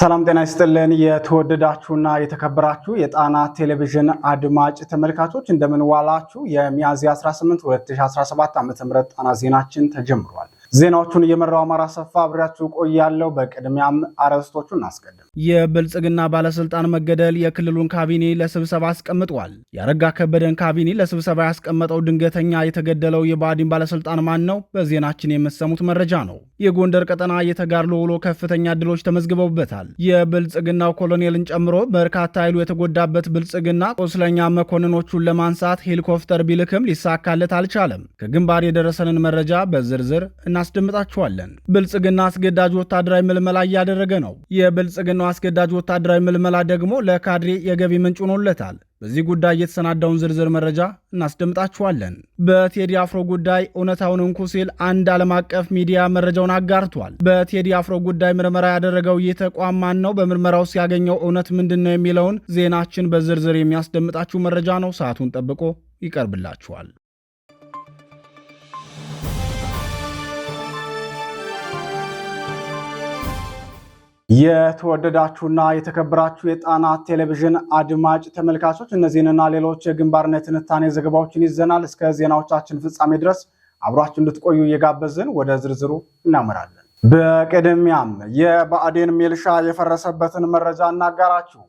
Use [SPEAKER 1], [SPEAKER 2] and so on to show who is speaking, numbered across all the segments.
[SPEAKER 1] ሰላም ጤና ይስጥልን። የተወደዳችሁና የተከበራችሁ የጣና ቴሌቪዥን አድማጭ ተመልካቾች እንደምንዋላችሁ። የሚያዝያ 18 2017 ዓ ም ጣና ዜናችን ተጀምሯል። ዜናዎቹን እየመራው አማራ ሰፋ አብሬያችሁ ቆያለሁ። በቅድሚያም አርዕስቶቹን እናስቀድም።
[SPEAKER 2] የብልጽግና ባለስልጣን መገደል የክልሉን ካቢኔ ለስብሰባ አስቀምጧል። የአረጋ ከበደን ካቢኔ ለስብሰባ ያስቀመጠው ድንገተኛ የተገደለው የባዲን ባለስልጣን ማን ነው? በዜናችን የምትሰሙት መረጃ ነው። የጎንደር ቀጠና የተጋድሎ ውሎ ከፍተኛ ድሎች ተመዝግበውበታል። የብልጽግናው ኮሎኔልን ጨምሮ በርካታ ኃይሉ የተጎዳበት ብልጽግና ቁስለኛ መኮንኖቹን ለማንሳት ሄሊኮፕተር ቢልክም ሊሳካለት አልቻለም። ከግንባር የደረሰንን መረጃ በዝርዝር እና እናስደምጣችኋለን። ብልጽግና አስገዳጅ ወታደራዊ ምልመላ እያደረገ ነው። የብልጽግናው አስገዳጅ ወታደራዊ ምልመላ ደግሞ ለካድሬ የገቢ ምንጭ ሆኖለታል። በዚህ ጉዳይ የተሰናዳውን ዝርዝር መረጃ እናስደምጣችኋለን። በቴዲ አፍሮ ጉዳይ እውነታውን እንኩ ሲል አንድ ዓለም አቀፍ ሚዲያ መረጃውን አጋርቷል። በቴዲ አፍሮ ጉዳይ ምርመራ ያደረገው ይህ ተቋም ማን ነው? በምርመራው ሲያገኘው እውነት ምንድን ነው የሚለውን ዜናችን በዝርዝር የሚያስደምጣችሁ መረጃ ነው። ሰዓቱን ጠብቆ ይቀርብላችኋል።
[SPEAKER 1] የተወደዳችሁና የተከበራችሁ የጣና ቴሌቪዥን አድማጭ ተመልካቾች እነዚህንና ሌሎች የግንባርና የትንታኔ ዘገባዎችን ይዘናል። እስከ ዜናዎቻችን ፍጻሜ ድረስ አብሯችሁ እንድትቆዩ እየጋበዝን ወደ ዝርዝሩ እናመራለን። በቅድሚያም የብአዴን ሜልሻ የፈረሰበትን መረጃ እናጋራችሁ።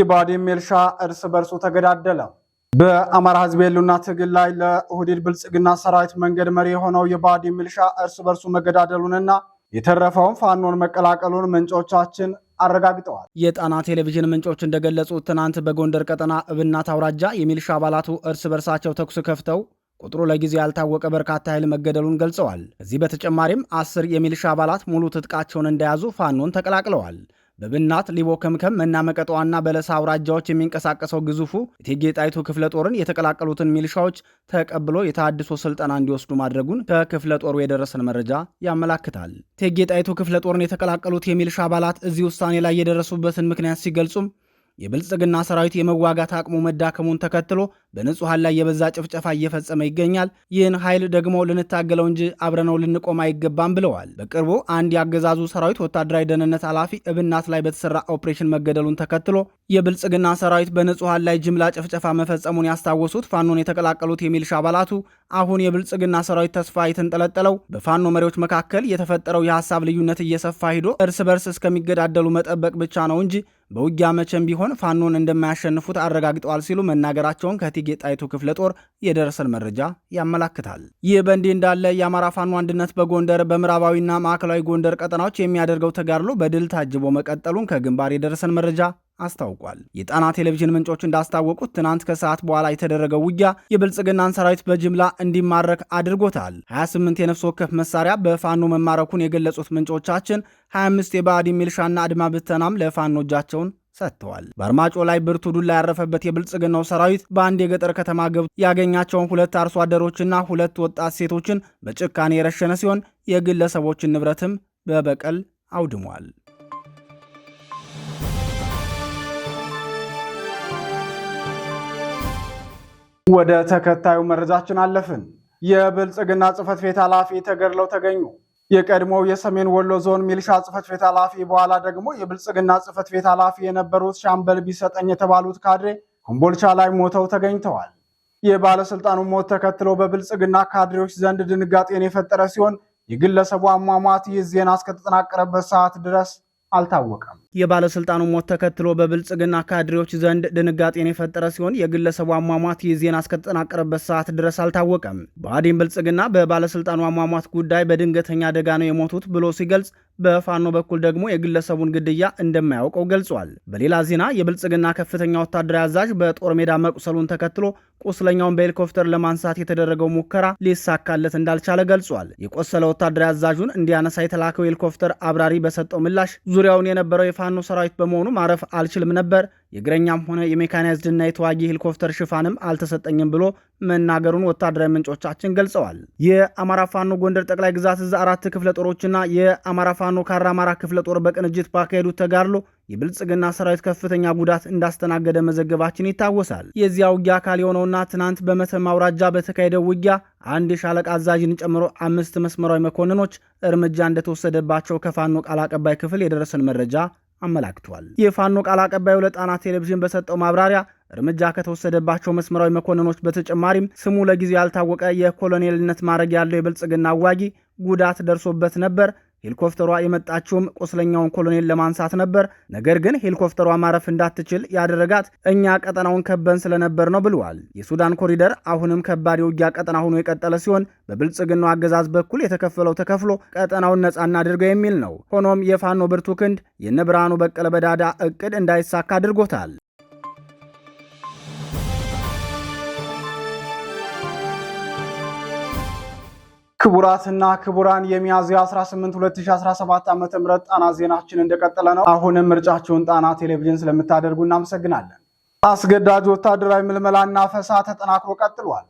[SPEAKER 1] የብአዴን ሜልሻ እርስ በርሱ ተገዳደለ። በአማራ ህዝብ የሉና ትግል ላይ ለኦህዴድ ብልጽግና ሰራዊት መንገድ መሪ የሆነው የብአዴን ሜልሻ እርስ በርሱ መገዳደሉንና የተረፈውን ፋኖን መቀላቀሉን ምንጮቻችን አረጋግጠዋል።
[SPEAKER 2] የጣና ቴሌቪዥን ምንጮች እንደገለጹት ትናንት በጎንደር ቀጠና እብናት አውራጃ የሚልሻ አባላቱ እርስ በርሳቸው ተኩስ ከፍተው ቁጥሩ ለጊዜ ያልታወቀ በርካታ ኃይል መገደሉን ገልጸዋል። ከዚህ በተጨማሪም አስር የሚልሻ አባላት ሙሉ ትጥቃቸውን እንደያዙ ፋኖን ተቀላቅለዋል። በብናት ሊቦ ከምከም መናመቀጠዋና በለሳ አውራጃዎች የሚንቀሳቀሰው ግዙፉ እቴጌ ጣይቱ ክፍለ ጦርን የተቀላቀሉትን ሚሊሻዎች ተቀብሎ የተሃድሶ ስልጠና እንዲወስዱ ማድረጉን ከክፍለ ጦሩ የደረሰን መረጃ ያመላክታል። እቴጌ ጣይቱ ክፍለ ጦርን የተቀላቀሉት የሚሊሻ አባላት እዚህ ውሳኔ ላይ የደረሱበትን ምክንያት ሲገልጹም የብልጽግና ሰራዊት የመዋጋት አቅሙ መዳከሙን ተከትሎ በንጹሐን ላይ የበዛ ጭፍጨፋ እየፈጸመ ይገኛል። ይህን ኃይል ደግሞ ልንታገለው እንጂ አብረነው ልንቆም አይገባም ብለዋል። በቅርቡ አንድ የአገዛዙ ሰራዊት ወታደራዊ ደህንነት ኃላፊ እብናት ላይ በተሰራ ኦፕሬሽን መገደሉን ተከትሎ የብልጽግና ሰራዊት በንጹሐን ላይ ጅምላ ጭፍጨፋ መፈጸሙን ያስታወሱት ፋኖን የተቀላቀሉት የሚልሻ አባላቱ አሁን የብልጽግና ሰራዊት ተስፋ የተንጠለጠለው በፋኖ መሪዎች መካከል የተፈጠረው የሀሳብ ልዩነት እየሰፋ ሂዶ እርስ በርስ እስከሚገዳደሉ መጠበቅ ብቻ ነው እንጂ በውጊያ መቼም ቢሆን ፋኖን እንደማያሸንፉት አረጋግጠዋል ሲሉ መናገራቸውን ከእቴጌ ጣይቱ ክፍለ ጦር የደረሰን መረጃ ያመላክታል። ይህ በእንዲህ እንዳለ የአማራ ፋኖ አንድነት በጎንደር በምዕራባዊና ማዕከላዊ ጎንደር ቀጠናዎች የሚያደርገው ተጋድሎ በድል ታጅቦ መቀጠሉን ከግንባር የደረሰን መረጃ አስታውቋል። የጣና ቴሌቪዥን ምንጮች እንዳስታወቁት ትናንት ከሰዓት በኋላ የተደረገው ውጊያ የብልጽግናን ሰራዊት በጅምላ እንዲማረክ አድርጎታል። 28 የነፍስ ወከፍ መሳሪያ በፋኖ መማረኩን የገለጹት ምንጮቻችን 25 የባዕድ ሚልሻና አድማ ብተናም ለፋኖ እጃቸውን ሰጥተዋል። በአርማጮ ላይ ብርቱ ዱላ ያረፈበት የብልጽግናው ሰራዊት በአንድ የገጠር ከተማ ገብቶ ያገኛቸውን ሁለት አርሶ አደሮችና ሁለት ወጣት ሴቶችን በጭካኔ የረሸነ ሲሆን የግለሰቦችን ንብረትም በበቀል አውድሟል።
[SPEAKER 1] ወደ ተከታዩ መረጃችን አለፍን። የብልጽግና ጽህፈት ቤት ኃላፊ ተገድለው ተገኙ። የቀድሞው የሰሜን ወሎ ዞን ሚልሻ ጽህፈት ቤት ኃላፊ በኋላ ደግሞ የብልጽግና ጽህፈት ቤት ኃላፊ የነበሩት ሻምበል ቢሰጠኝ የተባሉት ካድሬ ኮምቦልቻ ላይ ሞተው ተገኝተዋል። የባለስልጣኑ ሞት ተከትሎ በብልጽግና ካድሬዎች ዘንድ ድንጋጤን የፈጠረ ሲሆን የግለሰቡ አሟሟት ይህ ዜና እስከተጠናቀረበት ሰዓት ድረስ አልታወቀም።
[SPEAKER 2] የባለስልጣኑ ሞት ተከትሎ በብልጽግና ካድሬዎች ዘንድ ድንጋጤን የፈጠረ ሲሆን የግለሰቡ አሟሟት የዜና ዜና እስከተጠናቀረበት ሰዓት ድረስ አልታወቀም። ብአዴን ብልጽግና በባለስልጣኑ አሟሟት ጉዳይ በድንገተኛ አደጋ ነው የሞቱት ብሎ ሲገልጽ፣ በፋኖ በኩል ደግሞ የግለሰቡን ግድያ እንደማያውቀው ገልጿል። በሌላ ዜና የብልጽግና ከፍተኛ ወታደራዊ አዛዥ በጦር ሜዳ መቁሰሉን ተከትሎ ቁስለኛውን በሄሊኮፕተር ለማንሳት የተደረገው ሙከራ ሊሳካለት እንዳልቻለ ገልጿል። የቆሰለ ወታደራዊ አዛዡን እንዲያነሳ የተላከው ሄሊኮፕተር አብራሪ በሰጠው ምላሽ ዙሪያውን የነበረው የፋኖ ሰራዊት በመሆኑ ማረፍ አልችልም ነበር። የእግረኛም ሆነ የሜካናይዝድና የተዋጊ ሄሊኮፕተር ሽፋንም አልተሰጠኝም ብሎ መናገሩን ወታደራዊ ምንጮቻችን ገልጸዋል። የአማራ ፋኖ ጎንደር ጠቅላይ ግዛት እዝ አራት ክፍለ ጦሮችና የአማራ ፋኖ ካራ አማራ ክፍለ ጦር በቅንጅት ባካሄዱት ተጋድሎ የብልጽግና ሰራዊት ከፍተኛ ጉዳት እንዳስተናገደ መዘገባችን ይታወሳል። የዚያ ውጊያ አካል የሆነውና ትናንት በመተማ አውራጃ በተካሄደው ውጊያ አንድ የሻለቃ አዛዥን ጨምሮ አምስት መስመራዊ መኮንኖች እርምጃ እንደተወሰደባቸው ከፋኖ ቃል አቀባይ ክፍል የደረሰን መረጃ አመላክቷል። የፋኖ ቃል አቀባዩ ለጣና ቴሌቪዥን በሰጠው ማብራሪያ እርምጃ ከተወሰደባቸው መስመራዊ መኮንኖች በተጨማሪም ስሙ ለጊዜው ያልታወቀ የኮሎኔልነት ማዕረግ ያለው የብልጽግና አዋጊ ጉዳት ደርሶበት ነበር፣ ሄሊኮፍተሯ የመጣችውም ቁስለኛውን ኮሎኔል ለማንሳት ነበር። ነገር ግን ሄሊኮፍተሯ ማረፍ እንዳትችል ያደረጋት እኛ ቀጠናውን ከበን ስለነበር ነው ብለዋል። የሱዳን ኮሪደር አሁንም ከባድ የውጊያ ቀጠና ሆኖ የቀጠለ ሲሆን በብልጽግናው አገዛዝ በኩል የተከፈለው ተከፍሎ ቀጠናውን ነጻ እናድርገው የሚል ነው። ሆኖም የፋኖ ብርቱ ክንድ የነ ብርሃኑ በቀለ በዳዳ እቅድ እንዳይሳካ አድርጎታል።
[SPEAKER 1] ክቡራትና ክቡራን የሚያዝያ 18 2017 ዓ.ም ጣና ዜናችን እንደቀጠለ ነው። አሁንም ምርጫችሁን ጣና ቴሌቪዥን ስለምታደርጉ እናመሰግናለን። አስገዳጅ ወታደራዊ ምልመላና ፈሳ ተጠናክሮ ቀጥሏል።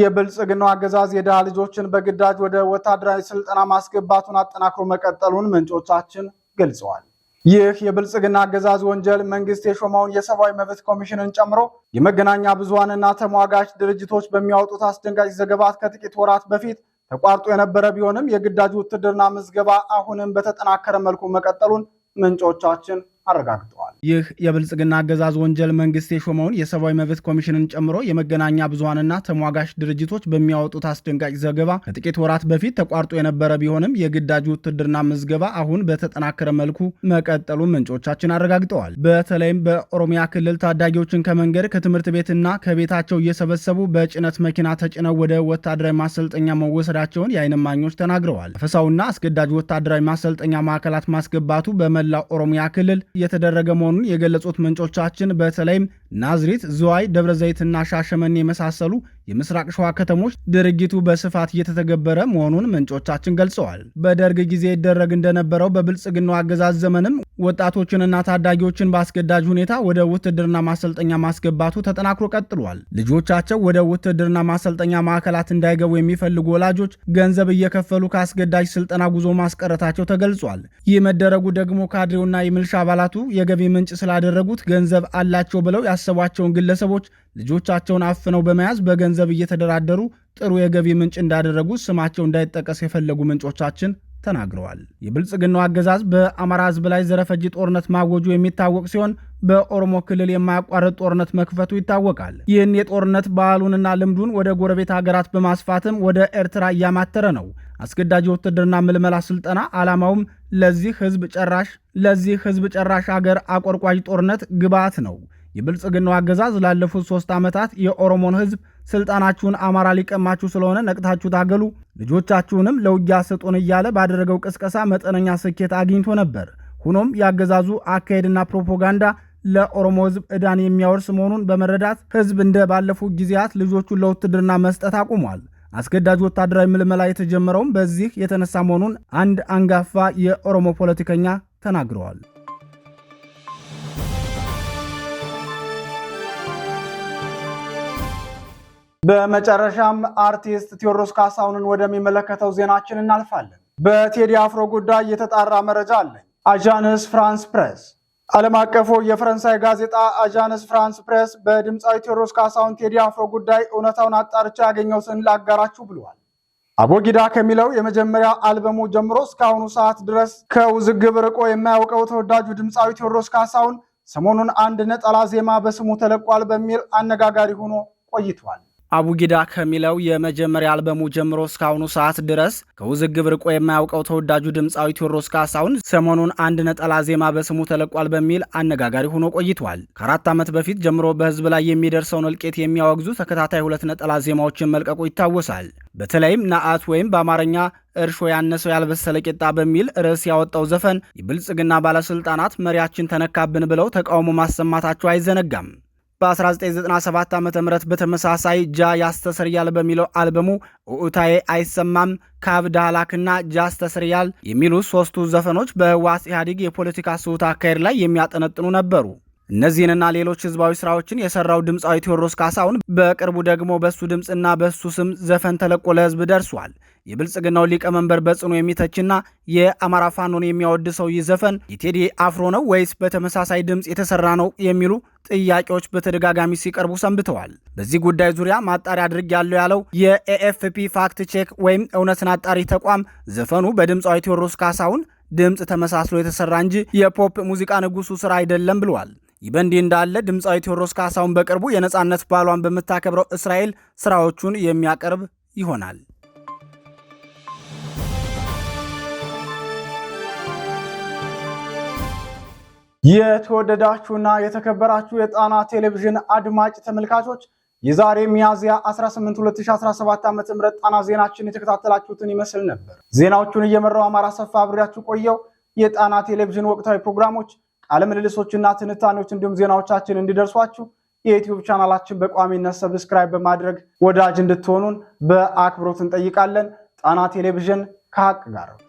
[SPEAKER 1] የብልጽግናው አገዛዝ የድሃ ልጆችን በግዳጅ ወደ ወታደራዊ ስልጠና ማስገባቱን አጠናክሮ መቀጠሉን ምንጮቻችን ገልጸዋል። ይህ የብልጽግና አገዛዝ ወንጀል መንግስት የሾመውን የሰብአዊ መብት ኮሚሽንን ጨምሮ የመገናኛ ብዙሃንና ተሟጋች ድርጅቶች በሚያወጡት አስደንጋጭ ዘገባት ከጥቂት ወራት በፊት ተቋርጦ የነበረ ቢሆንም የግዳጅ ውትድርና ምዝገባ አሁንም በተጠናከረ መልኩ መቀጠሉን ምንጮቻችን አረጋግጠዋል።
[SPEAKER 2] ይህ የብልጽግና አገዛዝ ወንጀል መንግስት የሾመውን የሰብአዊ መብት ኮሚሽንን ጨምሮ የመገናኛ ብዙሀንና ተሟጋች ድርጅቶች በሚያወጡት አስደንጋጭ ዘገባ ከጥቂት ወራት በፊት ተቋርጦ የነበረ ቢሆንም የግዳጅ ውትድርና ምዝገባ አሁን በተጠናከረ መልኩ መቀጠሉ ምንጮቻችን አረጋግጠዋል። በተለይም በኦሮሚያ ክልል ታዳጊዎችን ከመንገድ ከትምህርት ቤትና ከቤታቸው እየሰበሰቡ በጭነት መኪና ተጭነው ወደ ወታደራዊ ማሰልጠኛ መወሰዳቸውን የአይን እማኞች ተናግረዋል። አፈሳውና አስገዳጅ ወታደራዊ ማሰልጠኛ ማዕከላት ማስገባቱ በመላው ኦሮሚያ ክልል እየተደረገ መሆኑን የገለጹት ምንጮቻችን በተለይም ናዝሬት፣ ዝዋይ፣ ደብረ ዘይትና ሻሸመኔ የመሳሰሉ የምስራቅ ሸዋ ከተሞች ድርጊቱ በስፋት እየተተገበረ መሆኑን ምንጮቻችን ገልጸዋል። በደርግ ጊዜ ይደረግ እንደነበረው በብልጽግናው አገዛዝ ዘመንም ወጣቶችንና ታዳጊዎችን በአስገዳጅ ሁኔታ ወደ ውትድርና ማሰልጠኛ ማስገባቱ ተጠናክሮ ቀጥሏል። ልጆቻቸው ወደ ውትድርና ማሰልጠኛ ማዕከላት እንዳይገቡ የሚፈልጉ ወላጆች ገንዘብ እየከፈሉ ከአስገዳጅ ስልጠና ጉዞ ማስቀረታቸው ተገልጿል። ይህ መደረጉ ደግሞ ካድሬውና የምልሻ አባላቱ የገቢ ምንጭ ስላደረጉት ገንዘብ አላቸው ብለው ያስ ያሰቧቸውን ግለሰቦች ልጆቻቸውን አፍነው በመያዝ በገንዘብ እየተደራደሩ ጥሩ የገቢ ምንጭ እንዳደረጉ ስማቸው እንዳይጠቀስ የፈለጉ ምንጮቻችን ተናግረዋል። የብልጽግናው አገዛዝ በአማራ ሕዝብ ላይ ዘረፈጂ ጦርነት ማወጁ የሚታወቅ ሲሆን በኦሮሞ ክልል የማያቋርጥ ጦርነት መክፈቱ ይታወቃል። ይህን የጦርነት ባህሉንና ልምዱን ወደ ጎረቤት ሀገራት በማስፋትም ወደ ኤርትራ እያማተረ ነው። አስገዳጅ ውትድርና ምልመላ ስልጠና ዓላማውም ለዚህ ሕዝብ ጨራሽ ለዚህ ሕዝብ ጨራሽ አገር አቆርቋዥ ጦርነት ግብዓት ነው። የብልጽግናው አገዛዝ ላለፉት ሶስት ዓመታት የኦሮሞን ህዝብ ስልጣናችሁን አማራ ሊቀማችሁ ስለሆነ ነቅታችሁ ታገሉ፣ ልጆቻችሁንም ለውጊያ ስጡን እያለ ባደረገው ቅስቀሳ መጠነኛ ስኬት አግኝቶ ነበር። ሆኖም የአገዛዙ አካሄድና ፕሮፓጋንዳ ለኦሮሞ ህዝብ ዕዳን የሚያወርስ መሆኑን በመረዳት ህዝብ እንደ ባለፉት ጊዜያት ልጆቹን ለውትድርና መስጠት አቁሟል። አስገዳጅ ወታደራዊ ምልመላ የተጀመረውም በዚህ የተነሳ መሆኑን አንድ አንጋፋ የኦሮሞ ፖለቲከኛ ተናግረዋል።
[SPEAKER 1] በመጨረሻም አርቲስት ቴዎድሮስ ካሳሁንን ወደሚመለከተው ዜናችን እናልፋለን። በቴዲ አፍሮ ጉዳይ የተጣራ መረጃ አለኝ። አዣንስ ፍራንስ ፕሬስ ዓለም አቀፉ የፈረንሳይ ጋዜጣ አዣንስ ፍራንስ ፕሬስ በድምፃዊ ቴዎድሮስ ካሳሁን ቴዲ አፍሮ ጉዳይ እውነታውን አጣርቻ ስን ላጋራችሁ ብለዋል። አቦጊዳ ከሚለው የመጀመሪያ አልበሙ ጀምሮ እስካሁኑ ሰዓት ድረስ ከውዝግብ ርቆ የማያውቀው ተወዳጁ ድምፃዊ ቴዎድሮስ ካሳሁን ሰሞኑን አንድ ነጠላ ዜማ በስሙ ተለቋል በሚል አነጋጋሪ ሆኖ ቆይቷል።
[SPEAKER 2] አቡጊዳ ከሚለው የመጀመሪያ አልበሙ ጀምሮ እስካሁኑ ሰዓት ድረስ ከውዝግብ ርቆ የማያውቀው ተወዳጁ ድምፃዊ ቴዎድሮስ ካሳሁን ሰሞኑን አንድ ነጠላ ዜማ በስሙ ተለቋል በሚል አነጋጋሪ ሆኖ ቆይቷል። ከአራት ዓመት በፊት ጀምሮ በህዝብ ላይ የሚደርሰውን እልቄት የሚያወግዙ ተከታታይ ሁለት ነጠላ ዜማዎችን መልቀቁ ይታወሳል። በተለይም ነአት ወይም በአማርኛ እርሾ ያነሰው ያልበሰለ ቂጣ በሚል ርዕስ ያወጣው ዘፈን የብልጽግና ባለስልጣናት መሪያችን ተነካብን ብለው ተቃውሞ ማሰማታቸው አይዘነጋም። በ1997 ዓ ም በተመሳሳይ ጃ ያስተሰርያል በሚለው አልበሙ ውዑታዬ አይሰማም ካብ ዳህላክና ጃ ያስተሰርያል የሚሉ ሶስቱ ዘፈኖች በህዋስ ኢህአዴግ የፖለቲካ ስውት አካሄድ ላይ የሚያጠነጥኑ ነበሩ። እነዚህንና ሌሎች ህዝባዊ ስራዎችን የሰራው ድምፃዊ ቴዎድሮስ ካሳሁን በቅርቡ ደግሞ በሱ ድምፅና በሱ ስም ዘፈን ተለቆ ለህዝብ ደርሷል። የብልጽግናው ሊቀመንበር በጽኑ የሚተችና የአማራ ፋኖን የሚያወድ ሰው ይህ ዘፈን የቴዲ አፍሮ ነው ወይስ በተመሳሳይ ድምፅ የተሰራ ነው የሚሉ ጥያቄዎች በተደጋጋሚ ሲቀርቡ ሰንብተዋል። በዚህ ጉዳይ ዙሪያ ማጣሪያ አድርግ ያለው ያለው የኤኤፍፒ ፋክት ቼክ ወይም እውነትን አጣሪ ተቋም ዘፈኑ በድምፃዊ ቴዎድሮስ ካሳሁን ድምፅ ተመሳስሎ የተሰራ እንጂ የፖፕ ሙዚቃ ንጉሱ ስራ አይደለም ብለዋል። ይህ በእንዲህ እንዳለ ድምፃዊ ቴዎድሮስ ካሳሁን በቅርቡ የነፃነት በዓሏን በምታከብረው እስራኤል ስራዎቹን የሚያቀርብ ይሆናል።
[SPEAKER 1] የተወደዳችሁና የተከበራችሁ የጣና ቴሌቪዥን አድማጭ ተመልካቾች የዛሬ ሚያዝያ 18 2017 ዓ.ም ጣና ዜናችን የተከታተላችሁትን ይመስል ነበር። ዜናዎቹን እየመራው አማራ ሰፋ አብሬያችሁ ቆየው። የጣና ቴሌቪዥን ወቅታዊ ፕሮግራሞች ምልልሶችና ትንታኔዎች እንዲሁም ዜናዎቻችን እንዲደርሷችሁ የዩትዩብ ቻናላችን በቋሚነት ሰብስክራይብ በማድረግ ወዳጅ እንድትሆኑን በአክብሮት እንጠይቃለን። ጣና ቴሌቪዥን ከሀቅ ጋር